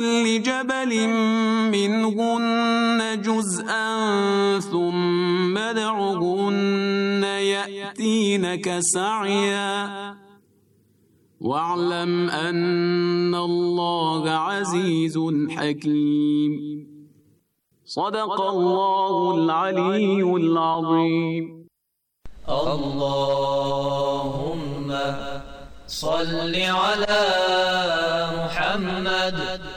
لكل جبل منهن جزءا ثم دعهن يأتينك سعيا واعلم أن الله عزيز حكيم صدق الله العلي العظيم اللهم صل على محمد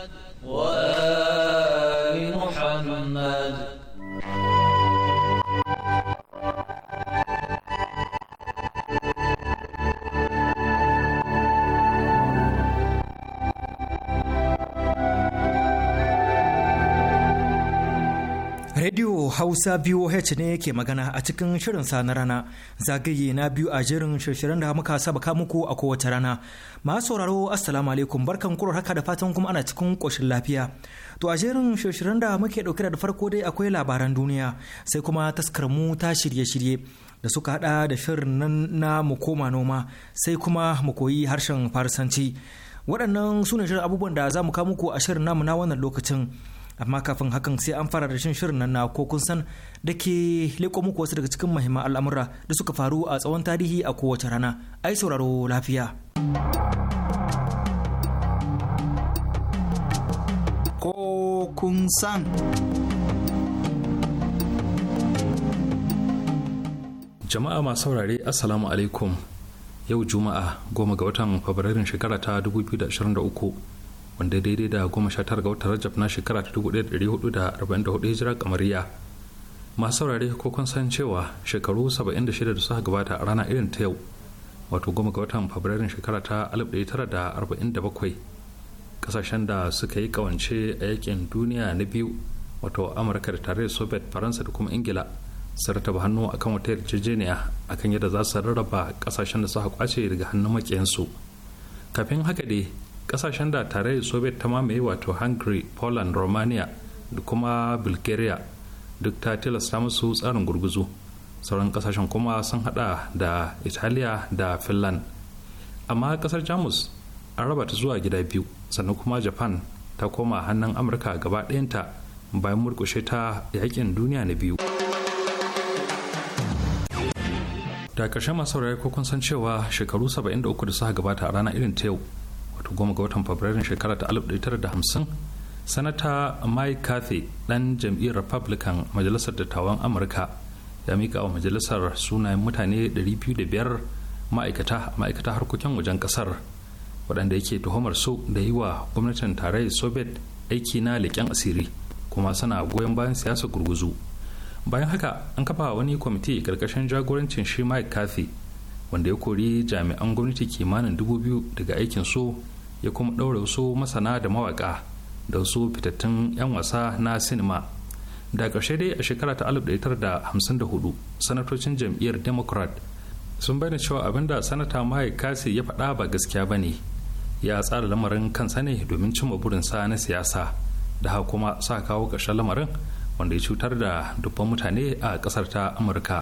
Radio Hausa VOH ne ke magana a cikin shirin sa na rana zagaye na biyu a jirin shirin da muka saba ka muku a kowace rana. Masu sauraro Assalamu alaikum barkan kuro haka da fatan kuma ana cikin koshin lafiya. To a jerin shirin da muke dauke da farko dai akwai labaran duniya sai kuma taskar mu ta shirye-shirye da suka hada da shirin nan na mu koma noma sai kuma mu koyi harshen Farsanci. Waɗannan su ne shirin abubuwan da za mu kawo muku a shirin namu na wannan lokacin. amma kafin hakan sai an fara da shin shirin nan na ko kun san da ke leko muku wasu daga cikin mahimman al'amura da suka faru a tsawon tarihi a kowace rana ai sauraro lafiya ko kun san jama'a masu saurare assalamu alaikum yau juma'a goma ga watan fabrairun shekara ta 2023 wanda daidai da goma sha tara ga watan rajab na shekara ta dubu ɗaya da ɗari hudu da arba'in da hudu hijira kamariya masu saurare ko kun san cewa shekaru saba'in da shida da suka gabata a rana irin ta yau wato goma ga watan fabrairun shekara ta alif ɗaya tara da arba'in da bakwai kasashen da suka yi kawance a yakin duniya na biyu wato amurka da tarayyar soviet faransa da kuma ingila sun rataba hannu akan wata yarjejeniya a kan yadda za su rarraba kasashen da suka kwace daga hannun makiyansu kafin haka dai kasashen da tarayyar soviet ta mamaye wato hungary poland romania da kuma bulgaria duk ta tilasta musu tsarin gurguzu sauran kasashen kuma sun hada da italiya da finland amma kasar jamus an raba ta zuwa gida biyu sannan kuma japan ta koma hannun amurka gaba ɗayanta bayan murkushe ta yakin duniya na biyu da ƙarshen masu ko kun san cewa shekaru 73 da suka gabata a rana irin ta yau wato goma ga watan fabrairun shekara ta alif da hamsin sanata mike cathy ɗan jam'iyyar republican majalisar dattawan amurka ya mika wa majalisar sunayen mutane 205 ma'aikata ma'aikata harkokin wajen kasar waɗanda yake tuhumar su da yi wa gwamnatin tarayyar soviet aiki na leƙen asiri kuma suna goyon bayan siyasa gurguzu bayan haka an kafa wani kwamiti ƙarƙashin jagorancin shi mike wanda ya kori jami'an gwamnati kimanin dubu biyu daga aikin su ya kuma ɗaure wasu masana da mawaƙa da wasu fitattun 'yan wasa na sinima da ƙarshe dai a shekara ta 1954 sanatocin jam'iyyar democrat sun bayyana cewa abin da sanata mike kasi ya faɗa ba gaskiya ba ne ya tsara lamarin kan ne domin cimma burinsa na siyasa da haka kuma sa kawo ƙarshen lamarin wanda ya cutar da dubban mutane a ƙasar ta amurka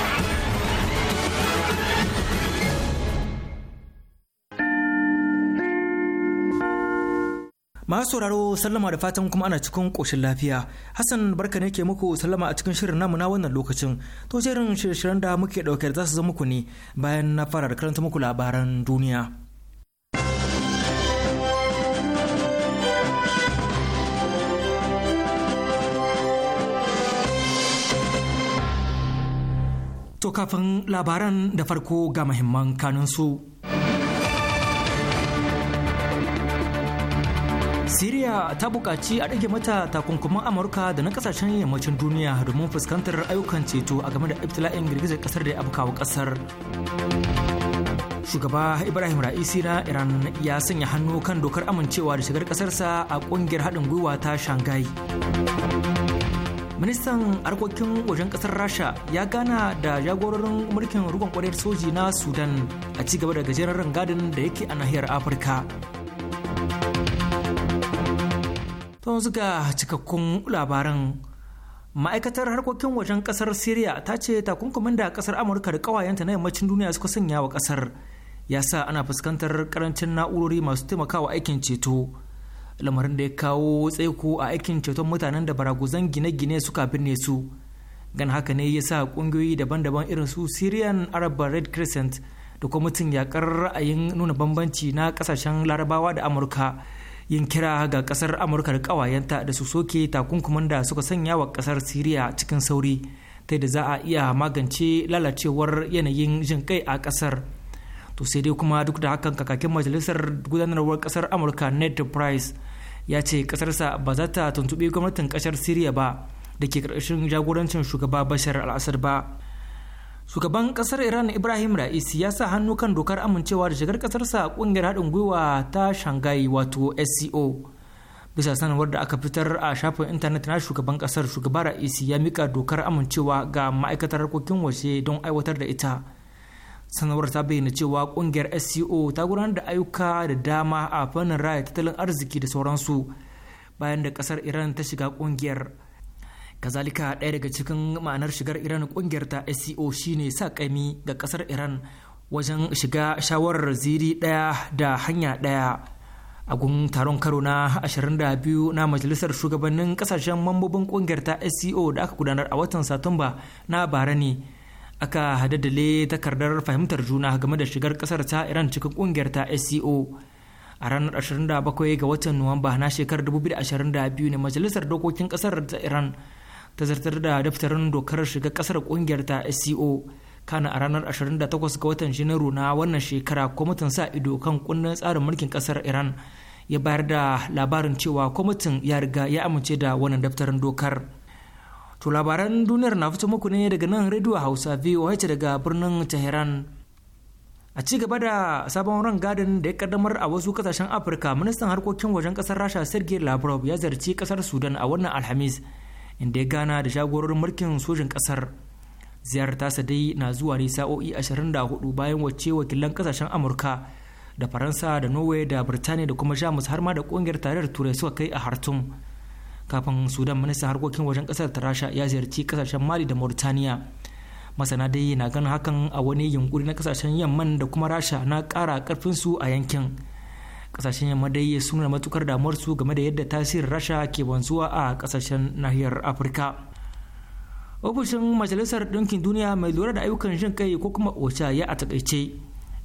masu sauraro sallama da fatan kuma ana cikin koshin lafiya hassan barka ne ke muku sallama a cikin shirin namu wannan lokacin to jerin shirye-shiryen da muke ɗauke za su zama muku ne bayan na fara da karanta muku labaran duniya to kafin labaran da farko ga muhimman kanunsu Siriya ta buƙaci a ɗage mata takunkuman Amurka da na ƙasashen yammacin duniya domin fuskantar ayyukan ceto a game da iftila'in girgizar ƙasar da ya afkawa ƙasar. Shugaba Ibrahim Ra'isi na Iran ya sanya hannu kan dokar amincewa da shigar ƙasarsa a ƙungiyar haɗin gwiwa ta Shanghai. Ministan harkokin wajen ƙasar Rasha ya gana da jagororin mulkin rukun kwarar soji na Sudan a ci gaba da gajeren rangadin da yake a nahiyar Afirka. don zuga cikakkun labaran ma'aikatar harkokin wajen kasar syria ta ce takunkumin da kasar amurka da kawayenta na yammacin duniya suka sanya wa kasar ya sa ana fuskantar karancin na'urori masu taimakawa aikin ceto lamarin da ya kawo tsaiko a aikin ceton mutanen da baraguzan gine-gine suka binne su gan haka ne ya sa kungiyoyi daban-daban irin su syrian arab red crescent da kwamitin yakar ra'ayin nuna bambanci na kasashen larabawa da amurka yin kira ga kasar amurka da kawayenta da su soke takunkuman da suka sanya wa kasar siriya cikin sauri ta da za a iya magance lalacewar yanayin jin kai a kasar to sai dai kuma duk da hakan kakakin majalisar gudanarwar kasar amurka ned price ya ce kasarsa ba za ta tuntuɓi gwamnatin kasar siriya ba da ke ƙarƙashin jagorancin shugaba bashar al ba shugaban kasar iran ibrahim ra'isi ya sa hannu kan dokar amincewa da shigar kasarsa kungiyar haɗin gwiwa ta shanghai wato sco bisa sanarwar da aka fitar a shafin intanet na shugaban kasar shugaba ra'isi ya mika dokar amincewa ga ma'aikatar harkokin waje don aiwatar da ita sanarwar ta bayyana cewa kungiyar sco ta gudanar da ayyuka da dama a fannin raya tattalin arziki da sauransu bayan da kasar iran ta shiga kungiyar kazalika ɗaya daga cikin ma'anar shigar iran kungiyar ta sco e shine sa kami ga kasar iran wajen shiga shawarar ziri ɗaya da hanya ɗaya a gun taron karo na 22 na majalisar shugabannin kasashen mambobin kungiyar ta sco e da aka gudanar a watan satumba na bara ne aka hadaddale takardar fahimtar juna game da shigar kasar ta iran cikin kungiyar ta sco e a ranar 27 ga watan nuwamba na shekarar 2022 ne majalisar dokokin kasar ta iran ta zartar da daftarin dokar shiga kasar kungiyar ta SCO kana a ranar 28 ga watan Janairu na wannan shekara kwamitin sa ido kan kunnen tsarin mulkin kasar Iran ya bayar da labarin cewa kwamitin ya riga ya amince da wannan daftarin dokar. To labaran duniyar na fito muku ne daga nan Radio Hausa VOH daga birnin Tehran. a ci gaba da sabon ran rangadin da ya kaddamar a wasu kasashen afirka ministan harkokin wajen kasar rasha sergei lavrov ya zarci kasar sudan a wannan alhamis inda ya gana da shagororin mulkin sojin kasar ziyarar tasa dai na zuwa ne sa'o'i 24 bayan wacce wakilan kasashen amurka da faransa da norway da birtaniya da kuma jamus har ma da kungiyar tarayyar turai suka kai a hartum kafin sudan ministan harkokin wajen kasar tarasha ya ziyarci kasashen mali da mauritaniya masana dai na ganin hakan a wani yunkuri na kasashen yamman da kuma rasha na kara karfin su a yankin kasashen yamma dai suna matukar damuwar su game da yadda tasirin rasha ke wanzuwa a kasashen nahiyar afirka ofishin majalisar ɗinkin duniya mai lura da ayyukan jin kai ko kuma osha ya a takaice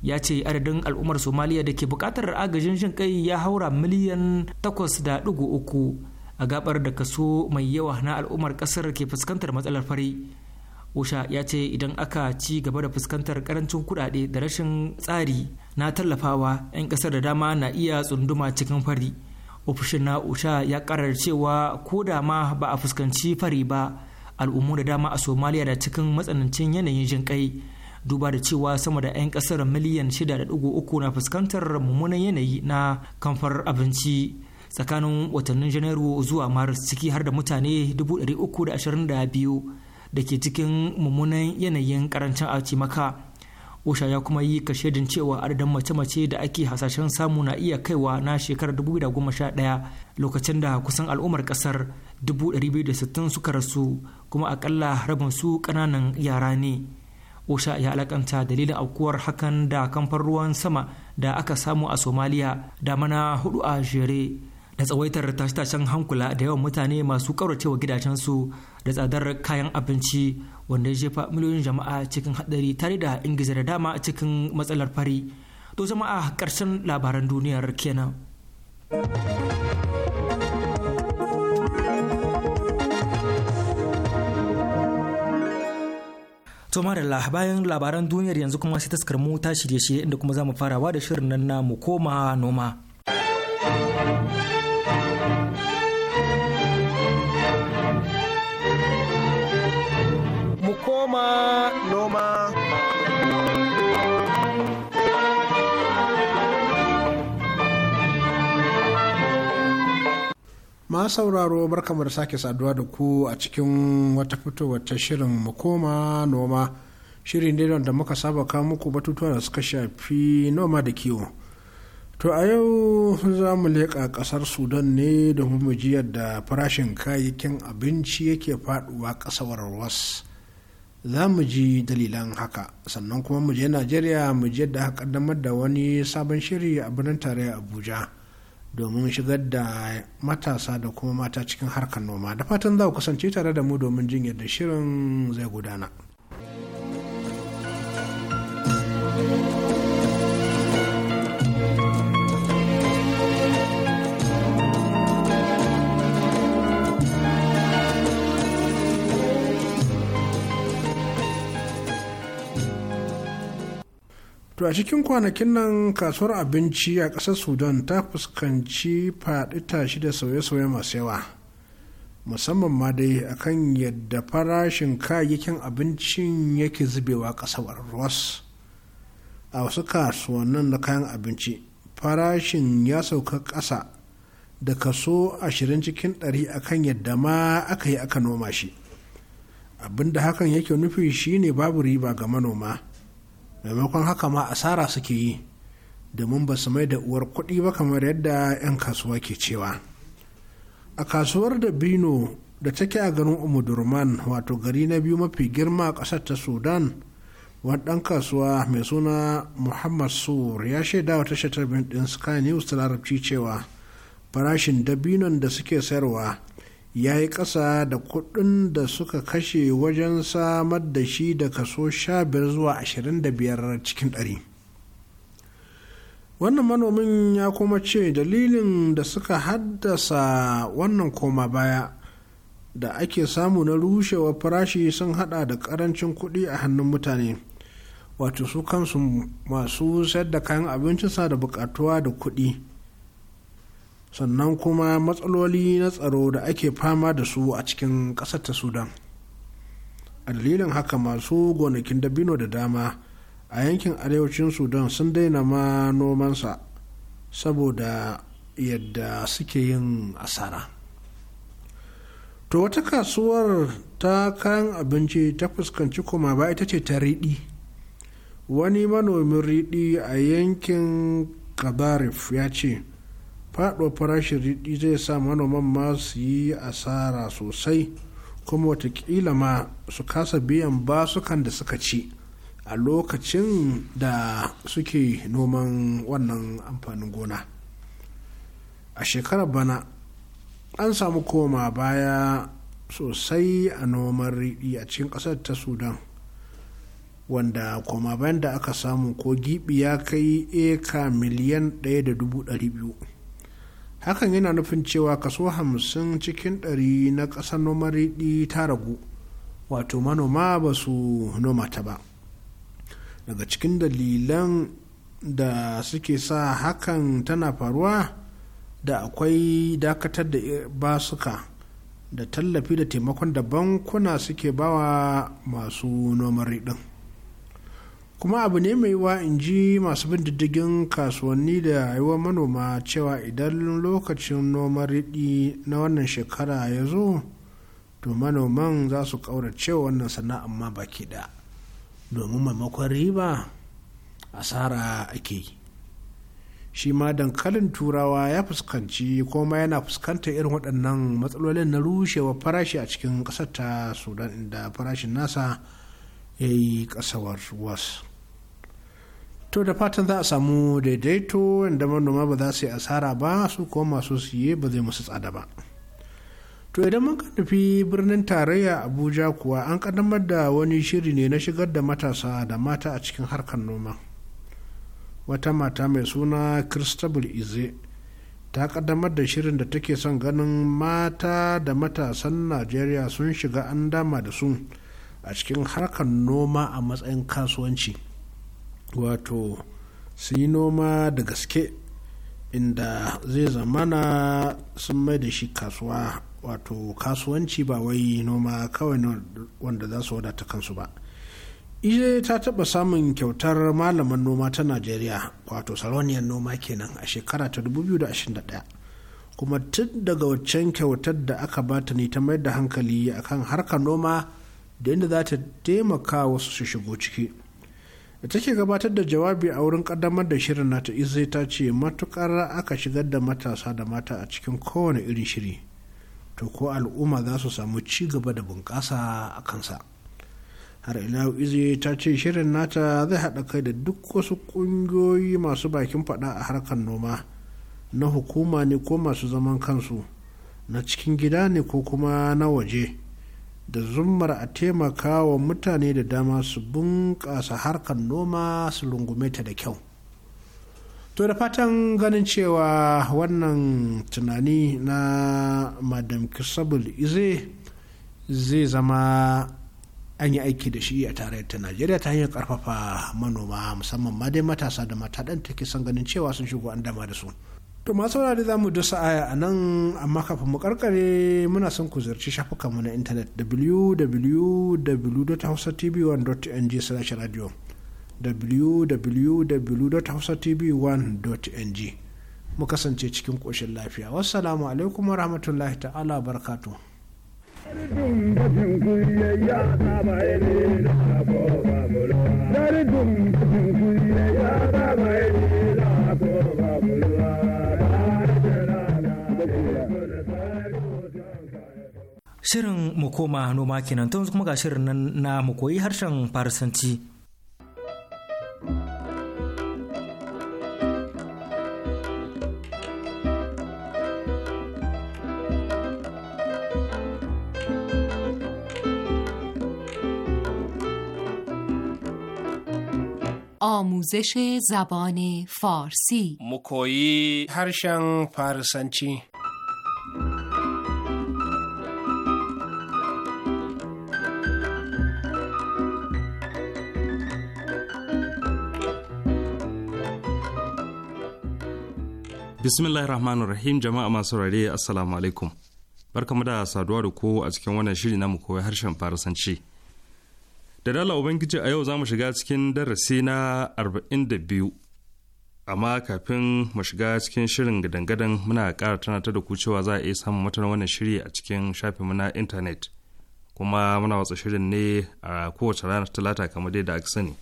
ya ce adadin al'ummar somaliya da ke buƙatar agajin jin kai ya haura miliyan 8.3 a gabar da kaso mai yawa na al'ummar ƙasar ke fuskantar matsalar fari usha ya ce idan aka ci gaba da fuskantar karancin kudade da rashin tsari na tallafawa 'yan kasar da dama na iya tsunduma cikin fari ofishin na usha ya karar cewa ko da ma ba a fuskanci fari ba al'ummu da dama a somalia da cikin matsanancin yanayin jin kai duba da cewa sama da 'yan kasar miliyan 6.3 na fuskantar mummunan yanayi na kamfar abinci tsakanin watannin janairu zuwa maris ciki har da mutane 322 da ke cikin mummunan yanayin karancin aci maka osha ya kuma yi kashedin cewa adadin mace-mace da ake hasashen samu na iya kaiwa na shekarar 2011 lokacin da kusan al'ummar kasar 260 suka rasu kuma akalla rabin su kananan yara ne osha ya alakanta dalilin aukuwar hakan da kamfan ruwan sama da aka samu a somaliya da mana hudu a jere da tsawaitar tashe-tashen hankula da yawan mutane masu kauracewa gidajensu da tsadar kayan abinci wanda ya jefa miliyoyin jama'a cikin hadari tare da ingiza da dama cikin matsalar fari to jama'a karshen labaran duniyar kenan To marilla bayan labaran duniyar yanzu kuma sai taskar mu ta shirye-shirye inda kuma za mu farawa da shirin nan namu mu koma noma. noma noma ma sauraro barkamu da sake saduwa da ku a cikin wata fitowar ta shirin mu koma noma shirin ne da muka saba kawo muku batutuwa da suka shafi noma da kiwo to a yau za mu leƙa ƙasar sudan ne da mu ji yadda farashin kayayyakin abinci yake faɗuwa ƙasar wasu za mu ji dalilan haka sannan kuma mu je najeriya mu je da kaddamar da wani sabon shiri a birnin tarayya abuja domin shigar da matasa da kuma mata cikin harkar noma da fatan za ku kasance tare da mu domin jin yadda shirin zai gudana. to a cikin kwanakin nan kasuwar abinci a ƙasar sudan ta fuskanci faɗi tashi da sauye-sauye masu yawa musamman ma dai akan yadda farashin kayayyakin abincin yake zubewa ƙasar Ross. a wasu kasuwannin na kayan abinci farashin ya sauka ƙasa da kaso ashirin cikin ɗari akan yadda ma aka yi aka noma shi abinda hakan yake nufi shine babu riba ga manoma maimakon haka ma asara suke yi domin ba su mai da uwar kuɗi ba kamar yadda 'yan kasuwa ke cewa a kasuwar da bino da take a garin umudurman wato gari na biyu mafi girma a ƙasar ta sudan wani ɗan kasuwa mai suna muhammad sur ya shaida wa tashar ɗin sky news ta larabci cewa farashin dabinon da suke sayarwa ya yi ƙasa da kuɗin da suka kashe wajen samar da shi da kaso biyar zuwa ashirin da 25 cikin ɗari. wannan manomin ya kuma ce dalilin da suka haddasa wannan koma baya da ake samu na rushewa farashi sun hada da ƙarancin kuɗi a hannun mutane wato su kansu masu sayar da kayan abincinsa da bukatuwa da kuɗi sannan kuma matsaloli na tsaro da ake fama da su a cikin ƙasar ta sudan a dalilin haka masu gonakin dabino da dama a yankin arewacin sudan sun daina ma nomansa saboda yadda suke yin asara to wata kasuwar ta kayan abinci ta fuskanci koma ba ita ce ta riɗi wani manomin riɗi a yankin kabarif ya ce faɗuwar farashin riɗi zai sa manoman ma su yi asara sosai kuma watakila ma su kasa biyan basukan da suka ci a lokacin da suke noman wannan amfanin gona a shekarar bana an samu koma baya sosai a noman riɗi a cikin ƙasar ta sudan wanda koma bayan da aka samu ko gibi ya kai eka miliyan 1.2 hakan yana nufin cewa kaso hamsin cikin ɗari na ƙasar noman riɗi ta ragu wato manoma ba su noma ta ba daga cikin dalilan da suke sa hakan tana faruwa da akwai dakatar da basuka da tallafi da taimakon da bankuna suke bawa masu noman riɗin kuma abu ne mai wa in ji masu bin diddigin kasuwanni da yiwa manoma cewa idan lokacin noman riɗi na wannan shekara ya zo to manoman za su ƙaurace wannan sana'ar ma baki da domin maimakon riba asara ake yi shi ma dankalin turawa ya fuskanci kuma yana fuskantar irin waɗannan matsalolin na rushewar farashi a cikin ƙasar ta sudan inda farashin nasa ya yi kasawar was to da fatan za a samu daidaito inda manoma ba za su yi asara ba su kuma masu siye ba zai musu tsada ba to idan mun ka nufi birnin tarayya abuja kuwa an kaddamar da wani shiri ne na shigar da matasa da mata a cikin harkar noma wata mata mai suna christabel ize ta kaddamar da shirin da take son ganin mata da matasan najeriya sun shiga an dama da su a cikin harkar noma a matsayin kasuwanci wato su yi noma da gaske inda zai zamana sun mai da shi kasuwa wato kasuwanci ba wai noma kawai wanda za su wadata kansu ba ije ta taba samun kyautar malaman noma ta najeriya wato saloniyar noma kenan a shekara ta 2021 kuma tun daga waccan kyautar da aka bata ne ta mai da hankali akan harkar noma da inda za ta taimaka wasu su shigo ciki da take gabatar da jawabi a wurin kaddamar da shirin nata izai ta ce matukar aka shigar da matasa da mata a cikin kowane irin shiri to ko al'umma za su samu ci gaba da bunƙasa a kansa har ila izai ta ce shirin nata zai haɗa kai da duk wasu ƙungiyoyi masu bakin faɗa a harkar noma na hukuma ne ko masu zaman kansu na cikin gida ne ko kuma na waje. da zummar a taimaka wa mutane da dama su bunƙasa harkar noma su rungume ta da kyau to da fatan ganin cewa wannan tunani na madam kisabul ize zai zama an yi aiki da shi a tarayyar ta najeriya ta hanyar karfafa manoma musamman ma dai matasa da mata ɗan take son ganin cewa sun shigo an dama da su To masu saurari za mu dusa aya a nan amma kafin mu karkare muna son ku ziyarci shafukanmu na intanet www.hausatv1.ng slash radio www.hausatv1.ng mu kasance cikin koshin lafiya. Wassalamu alaikum wa rahmatullahi ta'ala barkatu. Dari dum Shirin mu koma noma kenan tun kuma ga shirin nan na mu koyi harshen Farisanci. آموزش زبان فارسی مکویی هرشن فارسنچی bismillahir rahmanir rahim jama'a masu rare assalamu alaikum barkamu da saduwa da ko a cikin wannan shiri mu koyi harshen farisanci da dala ubangiji a yau za mu shiga cikin darasi na arba'in da biyu amma kafin mu shiga cikin shirin gadangadan muna kara tana ta da ku cewa za a iya samun matan wannan shiri a cikin shafinmu na intanet kuma muna watsa shirin ne a kowace ranar talata kamar dai da aka sani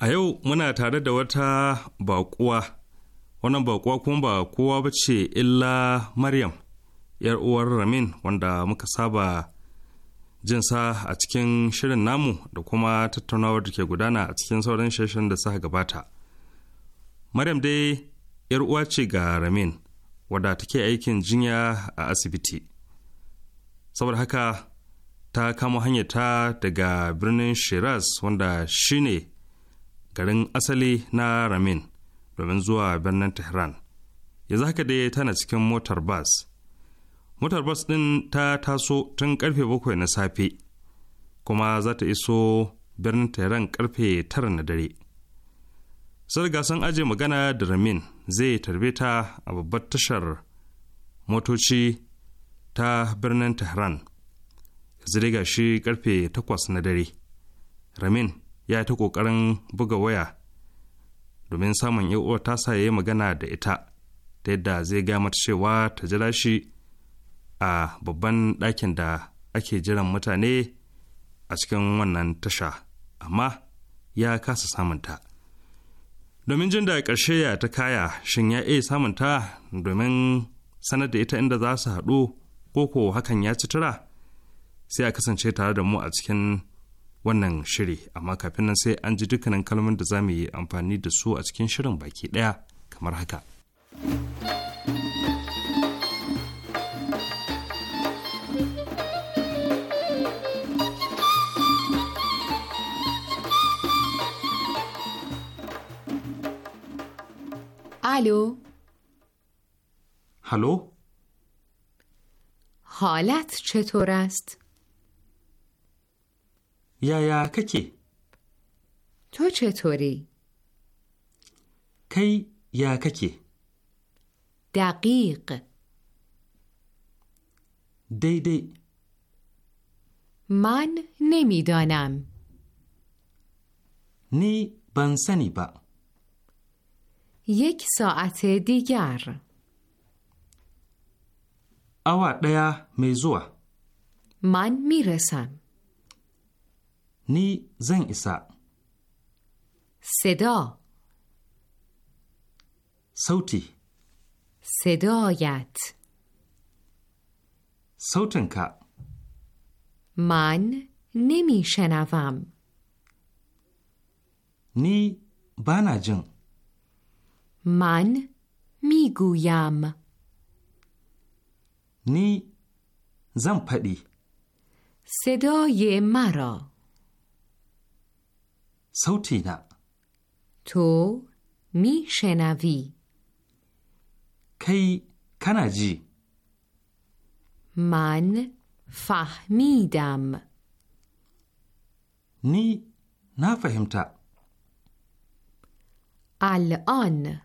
a yau muna tare da wata baƙuwa wannan baƙuwa kuma ba kowa ba ce illa maryam yar uwar ramin wanda muka saba jinsa a cikin shirin namu da kuma tattaunawar da ke gudana a cikin sauran shirin da suka gabata maryam dai yar uwa ce ga ramin wadda take aikin jinya a asibiti saboda haka ta kamo hanyarta daga birnin shiraz wanda shine garin asali na ramin domin zuwa birnin tehran yanzu haka dai tana cikin motar bas motar bas ɗin ta taso tun karfe bakwai na safe kuma za ta iso birnin tehran karfe tara na dare sarga sun aje magana da ramin zai tarbe ta a babbar tashar motoci ta birnin tehran yanzu ga shi karfe takwas na dare ramin ya ta ƙoƙarin buga waya domin samun uwar ta sa ya yi magana da ita ta yadda zai gaya mata cewa ta jira shi a babban ɗakin da ake jiran mutane a cikin wannan tasha amma ya kasa samunta domin jin da ƙarshe ya ta kaya shin ya iya samunta domin sanar da ita inda za su haɗu ko ko hakan ya ci tura sai a kasance tare da mu a cikin wannan shiri amma kafin nan sai an ji dukkanin kalmomin da za mu yi amfani da su a cikin shirin baki ɗaya kamar haka. Alo. Halo. حالت چطور است؟ یا ککی تو چطوری؟ کی یا ککی دقیق دی دی من نمیدانم نی بنسنی با یک ساعت دیگر اوا دیا میزوه من میرسم نی زن ایسا صدا صوتی صدایت صوتنکا من نمی شنوم نی بانا جن من میگویم نی زن پدی صدای مرا sauti na. To mi shenavi. Kai kana ji. Man fahmidam. Ni na fahimta. الان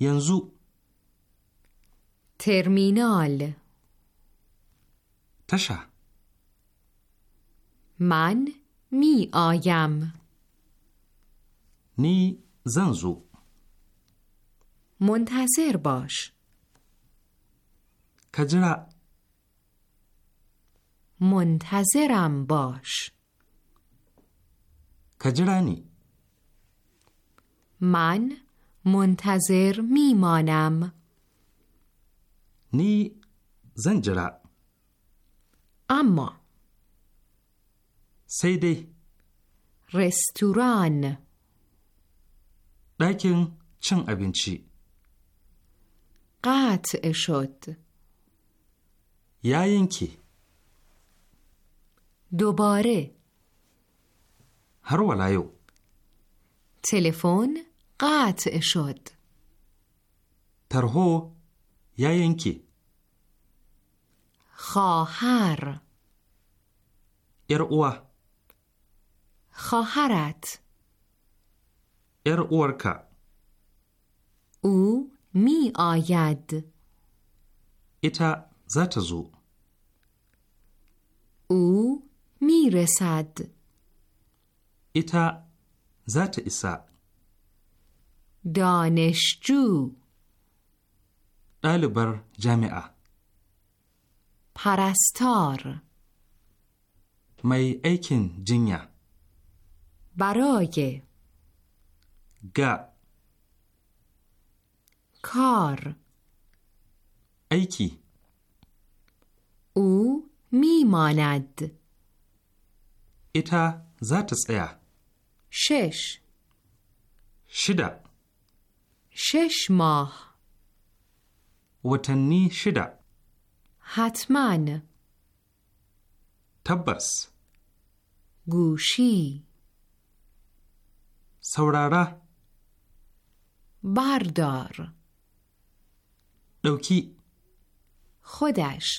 ینزو ترمینال تشه من می آیم نی زنزو منتظر باش کجرا منتظرم باش نی من منتظر مانم نی زنجرا اما sai dai restoran ɗakin cin abinci ƙat eshot yayinki dubare har wala yau telefon ƙat eshot tarho yanke. خواهر Yar uwa. خواهرت ار اورکا او می آید ایتا زتزو او می رسد ایتا زت ایسا دانشجو دالبر جامعه پرستار می ایکن jinya. برای گ کار ایکی او میماند ایتا زات ار شش شدا شش ماه وطنی شدا حتما تبرس گوشی saurara. bardar ɗauki. Khodash.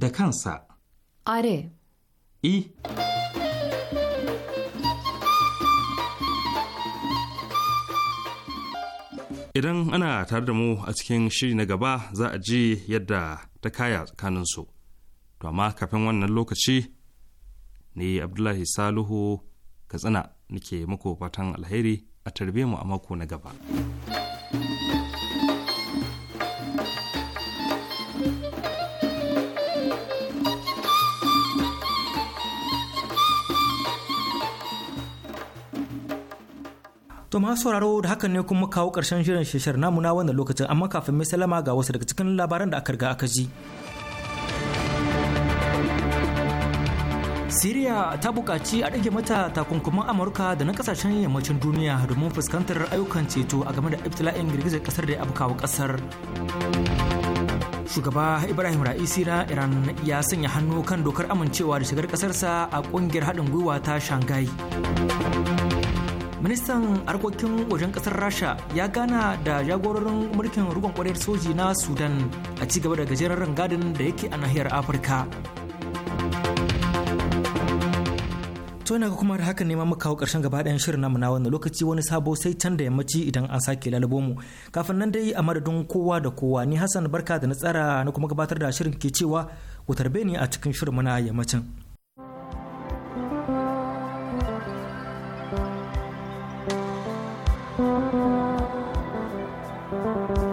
da kansa. are. i idan ana tare da mu a cikin shiri na gaba za a ji yadda ta kaya tsakaninsu to amma kafin wannan lokaci ne abdullahi saluhu katsina nake muku fatan alheri a tarbe mu a mako na gaba. To masu sauraro da hakan ne kuma kawo karshen shirin shishar namu na wannan lokacin amma kafin mai salama ga wasu daga cikin labaran da aka riga aka ji. Siriya ta buƙaci a ɗage mata takunkuman Amurka da na ƙasashen yammacin duniya domin fuskantar ayyukan ceto a game da iftila'in girgizar ƙasar da ya afkawa ƙasar. Shugaba Ibrahim Ra'isi na Iran ya sanya hannu kan dokar amincewa da shigar ƙasarsa a ƙungiyar haɗin gwiwa ta Shanghai. Ministan harkokin wajen ƙasar Rasha ya gana da jagororin mulkin rukun kwarar soji na Sudan a ci gaba da gajeren rangadin da yake a nahiyar Afirka. to ina ga kuma da hakan ne ma muka kawo karshen gaba ɗayan shirin namu na wannan lokaci wani sabo sai can da yammaci idan an sake lalubo mu kafin nan dai a madadin kowa da kowa ni Hassan barka da na tsara na kuma gabatar da shirin ke cewa ku tarbe ni a cikin shirin muna yammacin thank you